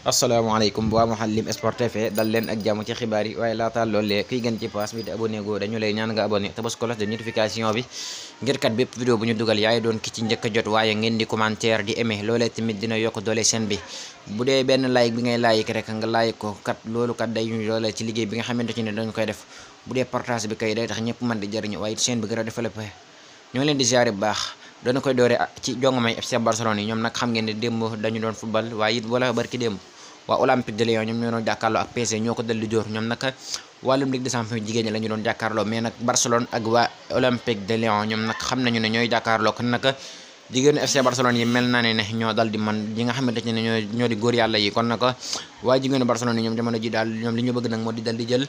asalaamaaleykum waa Mouhalim Sport TV dal leen ak jàmm ci xibaar yi waaye laata loolee kiy gën ci paas bi te abonné goo dañu lay ñaan nga abonné te bës de notification bi ngir kat bépp vidéo bu ñu dugal yaay doon ki njëkk a jot waaye ngeen di commentaire di aimé loolee tamit dina yokk doole seen bi bu dee benn like bi ngay like rek nga like ko kat loolu kat day ñu doole ci liggéey bi nga xamante ci ne dañu koy def bu dee partage bi kay day tax ñëpp mën di leen di ziare bu baax doona koy doore ci jongomay FC Barcelone yi ñoom nag xam ngeen ne démb dañu doon football waaye it wala barki démb waa Olympique de Lyon ñoom ñoo doon jàkkaarloo ak ñi la ñu doon jàkkaarloo mais nag Barcelone ak waa Olympique de Lyon ñoom nag xam nañu ne ñooy jàkkaarloo kon nag jigéenu FC Barcelone yi mel naa ne ne ñoo dal man ñi nga xamante ne ñoo ñoo di góor yàlla yi kon nag waa jigéenu Barcelone yi ñoom jamono ji daal ñoom li ñu bëgg nag moo di dal di jël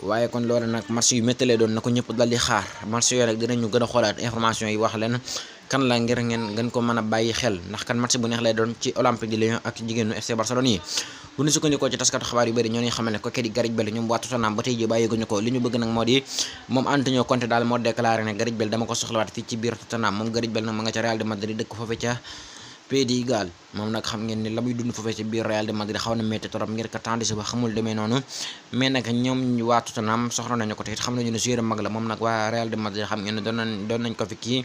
waaye kon loolu nag match yu métti lay doon na ko ñëpp dal di xaar match yooyu nag dinañu gën a xoolaat information yi wax leen kan la ngir ngeen ngeen ko mën a bàyyi xel ndax kan match bu neex lay doon ci Olympique de Lyon ak jigéenu FC Barcelone yi bu ñu sukkandikoo ci taskat xabaar yu bëri ñoo ñuy xamal ne ko kii di Gareth Bale ñoom waa Tottenham ba tey ji bàyyiguñu ko li ñu bëgg nag moo di moom Antonio Conte daal moo déclaré ne Gareth Bale dama ko Pedri Gal moom nag xam ngeen la muy dund foofee ci biir Real de Madrid xaw na métti trop ngir ko temps ba xamul demee noonu mais ñoom waa Tottenham soxla nañu ko te xam nañu ne joueur mag la moom nag waa Real de Madrid xam ngeen doon nañ ko fi kii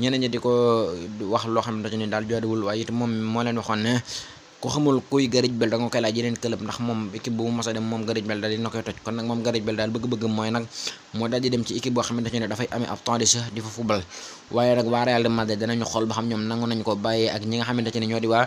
ñeneen ñi di ko wax loo xam ne dañu ne daal waaye it moom moo leen waxoon ne ku xamul kuy Gareth Bale da koy laaj yeneen club ndax moom équipe bu mu mos dem moom Gareth Bale daal dina koy toj kon nag moom Gareth Bale daal bëgg-bëgg mooy nag moo daal di dem ci équipe boo xamante ne dafay amee ab temps di fa football waaye nag waa Real de danañu xool ba xam ñoom nangu nañ ko bàyyee ak ñi nga xamante ne ñoo di waa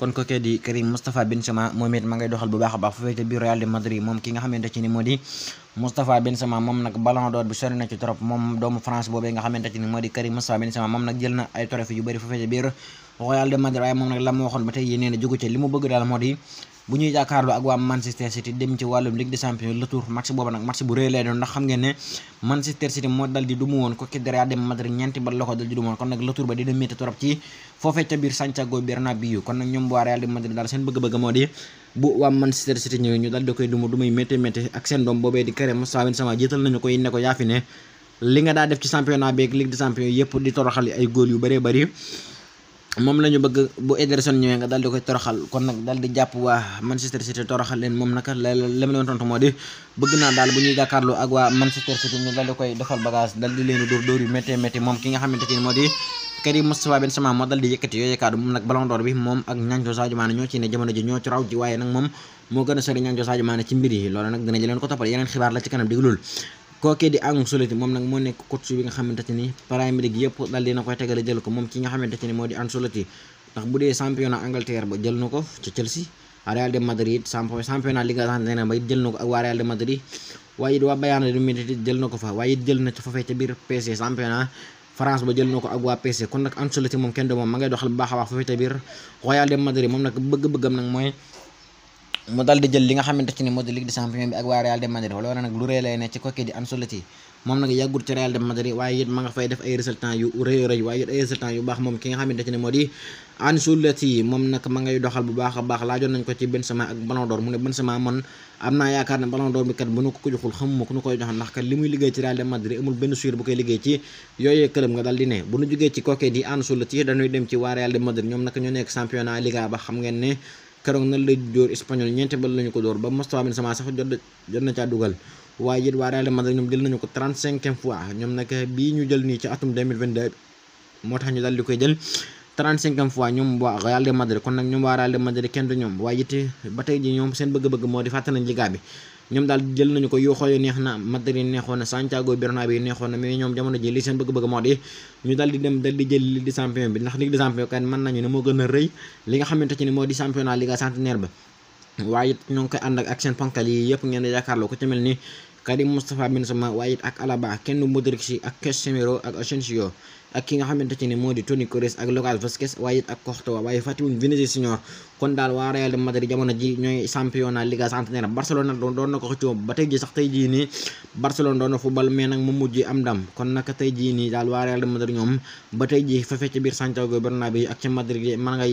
kon ko kee di Karim Moustapha Benzema moom it ma ngay doxal bu baax a baax fu fekkee biir Real de Madrid moom ki nga xamante ci ni moo di Moustapha Benzema moom nag ballon d'or bi sori na ci trop moom doomu France boobee nga xamante ci ni moo di Karim Moustapha Benzema moom nag jël na ay trophée yu bëri fu fekkee biir Real de waaye moom nag la mu waxoon ba tey yéen nee na jógu ca li mu bëgg daal moo di bu ñuy jàkkaarloo ak waa Manchester City dem ci wàllum Ligue des Champions retour match boobu nag match bu rëy lay doon ndax xam ngeen ne Manchester City moo dal di dumu de Madrid ñeenti bal la ko daal moo di bu waa Manchester City ñu dal koy dumu du muy métti ak seen doom boobee di Karim Benzema jiital nañu koy ne ko yaa ne li nga daa def ci championnat bi ak Ligue moom la ñu bëgg bu Ederson ñëwee nga daal di koy toroxal kon nag daal di jàpp waa Manchester City toroxal leen moom naka la leen naa daal bu ñuy jàkkaarloo ak waa Manchester City ñu daal di leen moom ki nga xamante ni moo di Karim Moustapha Benzema moo daal di yëkkati yooyu kaddu moom a sori ñaanco Sadio Mané ci mbir yi ko toppal yeneen xibaar la ci kanam diglul kookee di Ansu Fati moom nag moo nekk coach bi nga xamante ne nii Premier League yëpp dina koy tegale jël ko moom ki nga xamante ne moo di Ansu Fati ndax bu dee championnat Angleterre ba jël na ko ca Chelsea Real de Madrid championnat Liga championnat ba jël na ko ak waa PSG kon nag Ansu Fati moom kenn du moom ngay doxal bu baax a baax foofee ca biir Real de Madrid moom nag bëgg-bëggam nag mooy. mu dal di jël li nga xamante ci ne ci a am naa yaakaar ne Ballon d'Or bi kat bu nu ko ko joxul xamuma liggéey ci Real de Madrid amul benn suir dem ci waa Real de Madrid ñoom nag ñoo nekk championnat Liga ba xam ngeen ne keroog nan la dóor espagnol ñeenti bal lañu ko dóor ba Moustapha Bin Sama sax jot na caa dugal waaye it waa Real Madrid ñoom jël nañu ko trente-cinquième fois ñoom nag eh, bii ñu jël nii ci atum 2022 moo tax ñu daal di koy jël trente-cinquième fois ñoom waa Real de Madrid kon nag ñoom waa Real de Madrid kenn du ñoom waaye it eh, ba ji ñoom seen bëgg-bëgg moo di fàtte nañ liga bi ñoom daal jël nañu ko Yoxoo yi neex na Madrid neexoon na Santiago Bernabéu yi neexoon na mais ñoom jamono ji li seen bëgg-bëgg moo di ñu daal di dem daal di jël Ligue des champions bi ndax Ligue des champions kan mën nañu ne moo gën a rëy li nga xamante ci ne moo di championnat Liga centenaire ba waaye it ñoo ngi koy ànd ak seen ponkal yi yëpp ngeen di loo ko ci ni Karim Moustapha Benzema waaye it ak Alaba kenn Modric si ak Casemiro ak Asensio ak ki nga xamante ci ne moo di Toni Kroos ak Lucas Vázquez waaye it ak Courtois waaye fàttewuñ Vinicius Junior kon daal waa Real de Madrid jamono ji ñooy championnat Liga Santander nag mu mujj de a championnat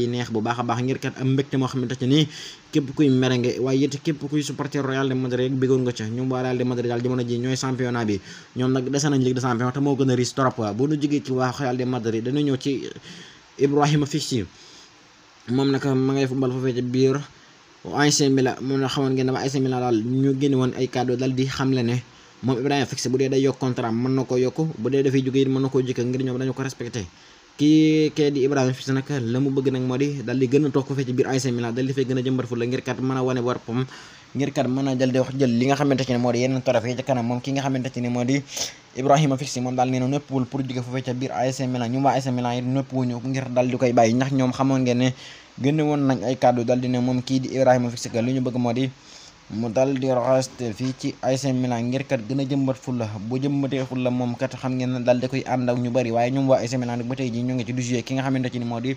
te moo gën a riche trop waa Real de Madrid dana ñëw ci Ibrahima Fichi moom nag ma ngay football foofee ci biir AC Milan moom na xamoon ngeen dama AC Milan daal ñu génne woon ay kàddu daal di xamle ne moom Ibrahima Fichi bu dee day yokk contrat mën na koo yokk bu dee dafay jóge it mën na koo jëkk ngir ñoom dañu ko respecté kii kee di Ibrahima Fisse nag la mu bëgg nag moo di daal gën a toog ko fee biir AC Milan daal di gën a jëmbat fu la ngir kat mën a wane boppam ngir kat mën a jël li nga xamante ci moo di yeneen trophée ci kanam moom ki nga xamante ci ne moo moom ngir daal koy bàyyi ndax ñoom xamoon ngeen ne génne woon nañ ay kàddu daal ne moom kii di Ibrahima Fisse ka lu ñu bëgg moo di mu dal di roxaste fii ci AC Milan ngir kat gën a jëmbat fulla bu jëmbatee fulla moom kat xam ngeen ne daal di koy ànd ñu bëri waaye ñoom waa AC Milan nag ba tey jii ngi ci du jouer ki nga xamante ci ni moo di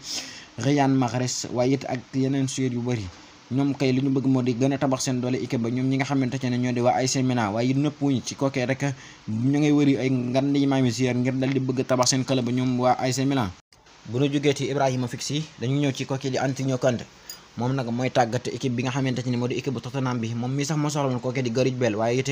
yeneen joueurs yu bëri ñoom kay li ñu bëgg moo di gën a tabax seen doole équipe ba ñoom ñi nga xamante ci ñoo di waa ay Milan waaye it nëpp wuñ ci kookee rek ñu ngay wëri ay ngan di maami sier ngir dal di bëgg tabax seen club ba ñoom waa ay Milan bu ñu jógee ci Ibrahima Fix yi dañu ñëw ci kooki di Antonio Conte moom nag mooy tàggat équipe bi nga xamante ni moo di équipe bu Tottenham bi moom mii sax moo soxla woon kooke di Gareth Bale waaye it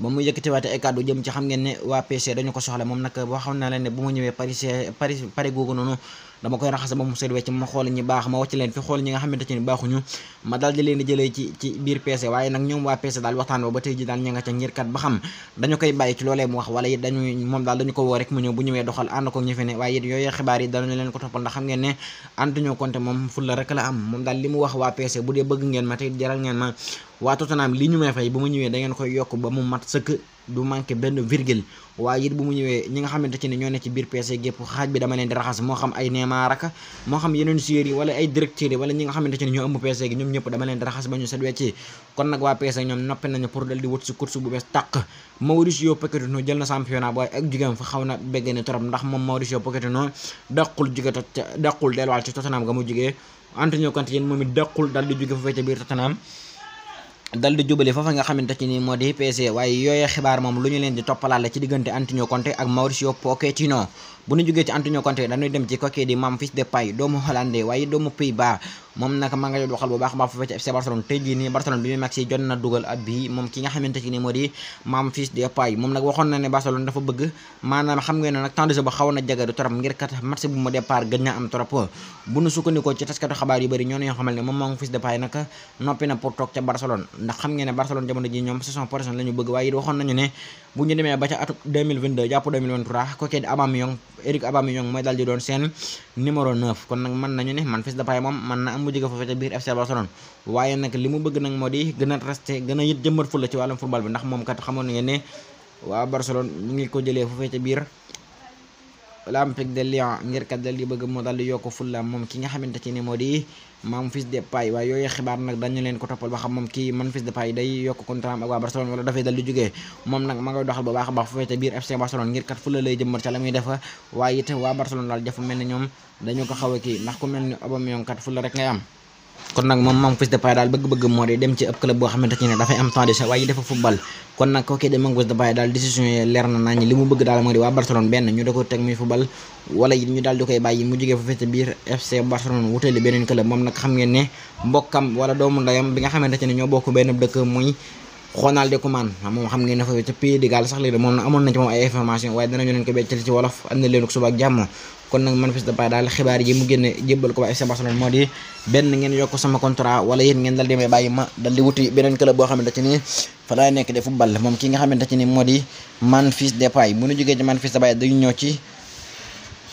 ba mu yëkkatiwaate ay kàddu jëm ci xam ngeen ne waa PSG dañu ko soxla moom nag waxoon naa leen ne bu ma ñëwee Paris Paris Paris googu noonu dama koy raxas ba mu set wecc ma xool ñi baax ma wàcc leen fi xool ñi nga xamante ci ni baaxuñu ma daal di leen di jëlee ci ci biir PC waaye nag ñoom waa PC daal waxtaan ba ba tey ji daal ña nga ca ngir kat ba xam ne waaye it yooyu xibaar yi danañu leen ngeen ne Antonio Conte moom ful la rek la am moom daal li mu wax waa PC bu dee bëgg ngeen ma tey jaral ngeen ma waa Tottenham li ñu may fay bu ma ñëwee da koy yokk ba mu mat sëkk du manqué benn virgule waaye it bu mu ñëwee ñi nga xamante ci ne ñoo ne ci biir PC gépp xaaj bi dama leen di raxas moo xam ay Neymar ak moo xam yeneen joueurs yi ay directeurs yi ñi nga xamante ci ne ñoo ëmb PC gi ñoom ñëpp dama leen di raxas ba ñu set wecc kon nag waa PC ñoom noppi nañu pour dal wut si course bu bees tàq Mauricio Pochettino jël na championnat waaye ak jigéen fa xaw na béggee ne trop ndax moom Mauricio Pochettino dal di jubali foofa nga xamante ci ni moo di PSG waaye yooyee xibaar moom lu ñu leen di toppalaat ci diggante Antonio Conte ak Mauricio Pochettino bu ñu jógee ci Antonio Conte dañuy dem ci kooku di Memphis Depay doomu Hollande waaye doomu Pays-Bas moom nag ma nga waxal bu baax baax foofu ci FC Barcelone nii Barcelone bi muy mag si jot na dugal bii moom ki nga xamante ci ni moo di Memphis Depay moom nag waxoon na ne Barcelone dafa bëgg maanaam xam ngeen nag temps ba xawoon na jagadu trop ngir kat match bu mu départ gën na am trop bu ñu sukkandikoo ci taskatu xabaar yu bëri ñoo Eric Aubameyang mooy daal di doon seen numéro 9 kon nag mën nañu ne Memphis Depay moom mën na am mu jóge foofu ca biir FC Barcelone waaye nag li mu bëgg nag moo di gën a resté gën a fulla ci wàllum football bi ndax moom kat xamoon ngeen waa Barcelone ñu ngi ko jëlee foofee ca biir l'Olympique de Lyon ah, ngir dal di bëgg mu dal di yokk fulla moom ki nga xamante ci ni moo di Memphis Depay waaye yooyu xibaar nag dañu leen ko toppal ba xam moom kii Memphis Depay day yokk contrat am ak waa Barcelone wala dafay dal di jógee moom nag ma ngay doxal bu baax a baax fu fekkee biir FC Barcelone ngir fulla lay jëmbat ca la muy def waaye it waa Barcelone daal dafa mel ni ñoom dañu ko xaw a kii ndax ku mel ni Aubameyang kat fulla am kon nag moom Memphis Depay daal bëgg-bëgg moo di dem ci ab club boo xamante ne dafay am temps de jeu waaye dafa football kon nag kookii de Memphis Depay daal décision yi leer na nañ li mu bëgg daal moo di waa Barcelone benn ñu da ko teg muy football wala it ñu daal koy bàyyi mu jógee fa fete biir FC Barcelone wuteeli beneen club moom nag xam ngeen ne mbokkam wala doomu ndeyam bi nga xamante ne ñoo bokk benn dëkk muy Ronald Koeman moom xam ngeen dafa ca pays de Galles sax léegi moom nag amoon nañ ci moom ay information waaye danañu leen ko beccal ci wolof am na leen suba ak jàmm kon nag man fis de daal xibaar yi mu génne jébbal ko waa FC moo di benn ngeen yokk sama contrat wala yéen ci ni fa de football dañu ñëw ci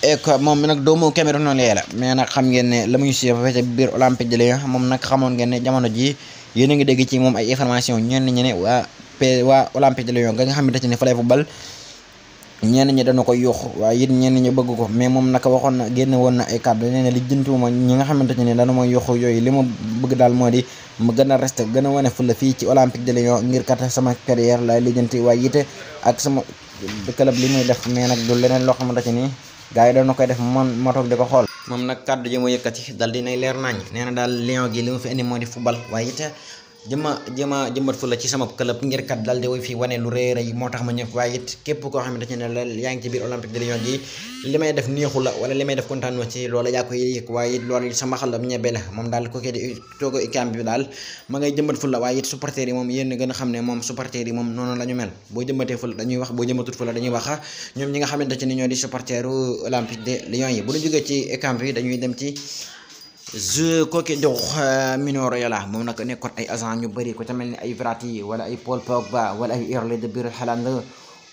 et moom moom nag doomu Cameroun noonu la mais na xam ngeen ne la mu ñu si fekk biir Olympique de Lyon moom nag xamoon ngeen ne jamono jii yéen a ngi dégg ci moom ay information ñenn ñi ne waa P waa nga xamante ne fa lay ñenn ñi dana ko yuuxu waaye it ñenn ñi bëgg ko mais moom nag waxoon na génn woon na ay kàddu nee na li jëntuwuma ñi nga xamante ne dana ma yuuxu yooyu li ma bëgg daal moo di mu gën a resté gën a wone fu la fii ci Olympique de Lyon ngir kat sama carrière laay lijjanti waaye it ak sama club li muy def mais nag du leneen loo xamante nii gars yi doon na koy def man ma toog di ko xool moom nag kàddu ji mu yëkkati dal dina leer nañ nee na daal lion gi li mu fi indi moo di football waaye it jëma jëma jëmbat fu la ci sama club ngir kat dal wane lu rëy rëy moo tax ma ñëw waaye it képp koo xamante ne la yaa may def neexu la may def kontaan ci loola yaa koy yëg waaye it loolu sama xalam ñebe la moom daal ko kee di toogo ikam bi xam ne moom supporters yi moom noonu la ñu mel boo jëmbatee fu boo jëmbatut fu la dañuy wax ñoom ñi nga xamante ne ñoo di supporteru olympique de Lyon yi bu ñu jógee ci ikam dañuy dem ci je kooki dox euh, minor yàlla moom nag nekkoon ay agent ñu bëri ko ca mel ni ay Verratti wala ay Paul Pogba wala ay Erling de Bruyne Haaland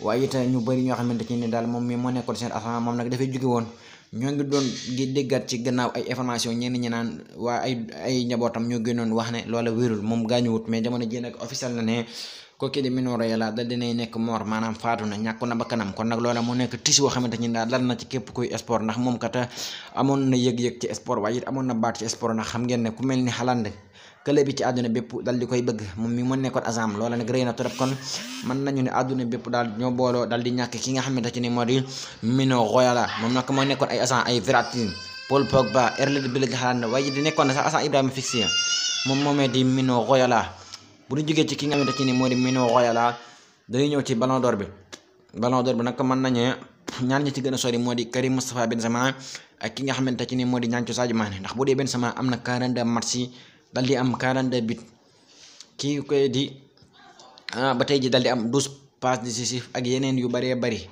waaye it ñu bëri ñoo xamante ne daal moom mi moo nekkoon seen agent moom nag dafay jóge woon ñoo ngi doon di déggaat ci gannaaw ay information ñenn ñi naan waa ay ay njabootam ñoo génnoon wax ne loola wérul moom gaañuwut mais jamono jii nag officiel na ne kooku di min wara yàlla dal dinay nekk mort maanaam faatu na ñàkku na ba kon nag loola mu nekk tis woo xamante daal dal na ci képp kuy sport ndax moom kat amoon na yëg-yëg ci sport waaye it amoon na baat ci sport ndax xam ngeen ne ku mel ni àdduna bépp dal koy bëgg moom mi mu nekkoon Azam loola nag rëy na trop kon mën nañu ne ñoo booloo dal di ñàkk ki nga xamante ni moo di Mino Raiola moom nag moo nekkoon ay Azam ay Verratti Paul Pogba Erling Haaland waaye di nekkoon sax Azam Ibrahima Fixie moom moomee di Mino bu ñu jógee ci ki nga xamante ci ni moo di Mino Raiola dañuy ñëw ci ballon bi ballon bi nag mën nañu ñaar ñi ci gën sori moo di Karim Moustapha Benzema ak ki nga xamante ci ni moo di Ndiago Sadio Mané ndax bu dee Benzema am na 42 match yi dal di am 42 but kii koy di ah, ba tey ji dal di am 12 passes décisives ak yeneen yu bëree bëri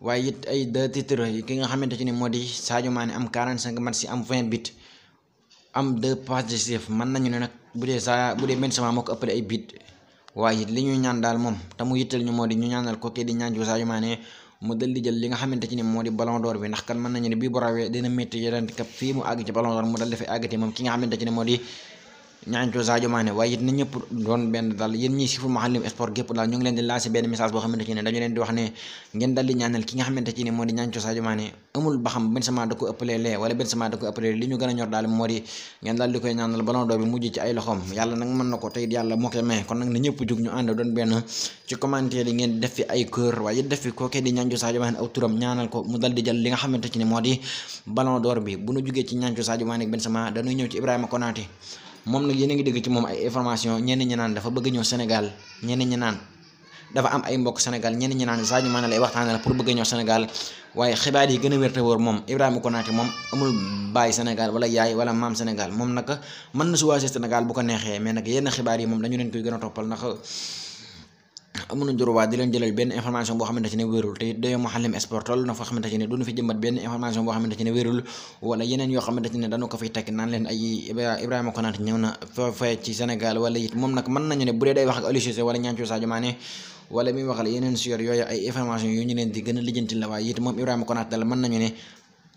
waaye it ay deux titres yi ki nga xamante ci ni moo di Sadio Mané am 45 match yi am 20 but am deux passes décisives mën nañu ne nag bu dee saa bu dee benn sama moo ko ëppale ay bit waaye li ñuy ñaan daal moom te mu yittal ñu moo di ñu ñaanal ko kii di ñaan ju Sadio Mané mu dal jël li nga xamante ci ne moo di ballon d'or bi ndax kan mën nañu ne bii bu rawee dina métti yeneen kap fii mu àgg ci ballon d'or mu dal dafay àggati moom ki nga xamante ci ne moo di ñaanco Sadio Mané waaye it na ñëpp leen di lancé benn ne dañu leen di ne ngeen dal di ñaanal ki nga xamante ci ne moo di ñaanco Sadio Mané amul ko ëppalee lee a ñor yàlla moo koy may kon nag na ñëpp jug ñu ànd doon benn ci commentaire yi ngeen def fi ay cœur waaye def fi kookee di ñaanco Sadio turam ñaanal ko mu dal di li nga xamante ci ne moo di ballon d'or bi bu ñu jugee ci ñaanco Sadio Mané ak ñëw ci Ibrahima Konaté moom nag yéen ngi dégg ci moom ay information ñenn ñi naan dafa bëgg ñoo Sénégal ñenn ñi naan dafa am ay mbokk Sénégal ñenn ñi naan Sadio Mané lay waxtaanee la pour bëgg ñoo Sénégal waaye xibaar yi gën a wér te wóor moom Ibrahima Konaté moom amul baay Sénégal wala yaay wala maam Sénégal moom nag mën na su waasee Sénégal bu ko neexee mais nag yenn xibaar yi moom dañu leen koy gën a toppal ndax amuñu droit di leen jëlal benn information boo xamante ne wérul te it dañoo Mouhalim Sport toll na foo xamante ne duñu fi jëmbat benn information boo xamante ne wérul wala yeneen yoo xamante ne dañu ko fiy teg naan leen ay Ibrahima Konaté ñëw na foofee ci Sénégal wala it moom nag mën nañu ne bu dee day wax ak Aliou Cissé wala ñaancu Sadio Mané mi waxal yeneen suyor yooyu ay information yu leen di gën a lijjanti la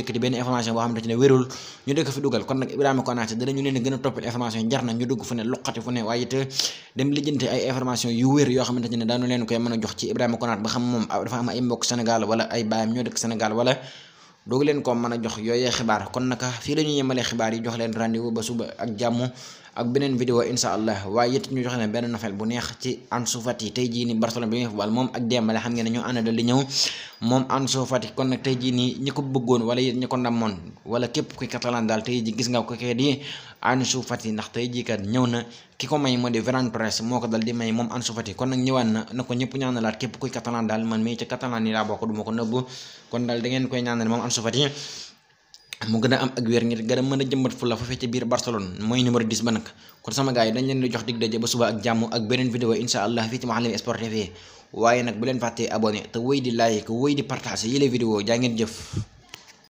yëkkati benn information boo xamante ne wérul ñu dëkk fi dugal kon nag Ibrahima Konaté danañu leen gën a toppal information jar na ñu dugg fu ne luqati fu ne waaye it dem leen koy mën a jox ci Ibrahima Konaté ba xam moom dafa am ay mbokk Sénégal wala ay baayam ñoo dëkk Sénégal wala doogu leen ko a jox yooyee xibaar kon naka fii la ñu xibaar yi jox leen rendez ba suba ak jàmm ak beneen vidéo incha allah waaye it ñu joxe ne benn nouvelle bu neex ci Ansu Fati tey jii ni Barcelone bi muy football moom ak Dembélé xam ngeen ne ñoo ànd dal di ñëw moom Ansu Fati kon nag tey jii nii ñi ko bëggoon wala it ñi ko ndamoon wala kuy Catalan daal tey gis nga ko kee di Ansu Fati ndax tey jii kat ñëw na ki ko may moo di Ferran Torres moo ko dal di may moom Ansu Fati kon nag ñëwaan na na ko ñëpp ñaanalaat képp kuy Catalan daal man mii ci Catalan yi laa bokk du ma ko nëbb kon daal da koy ñaanal moom Ansu Fati mu gën a am ak wér ngir gën a mën a jëmbat fu la fa fecc biir Barcelone mooy numéro 10 ba nag kon sama gars yi leen di jox dig daje ba suba ak jàmm ak beneen vidéo incha allah fii ci Mouhalim Sport TV waaye nag bu leen fàttee abonné te wéy di like wéy di partager yile vidéo jaa ngeen jëf